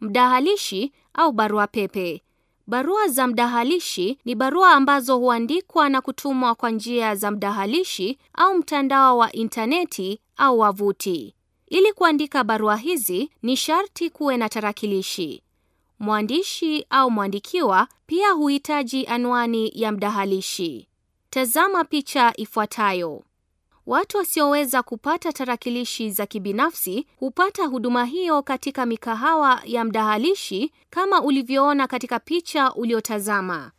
Mdahalishi au barua pepe. Barua za mdahalishi ni barua ambazo huandikwa na kutumwa kwa njia za mdahalishi au mtandao wa intaneti au wavuti. Ili kuandika barua hizi ni sharti kuwe na tarakilishi. Mwandishi au mwandikiwa pia huhitaji anwani ya mdahalishi. Tazama picha ifuatayo. Watu wasioweza kupata tarakilishi za kibinafsi hupata huduma hiyo katika mikahawa ya mdahalishi kama ulivyoona katika picha uliotazama.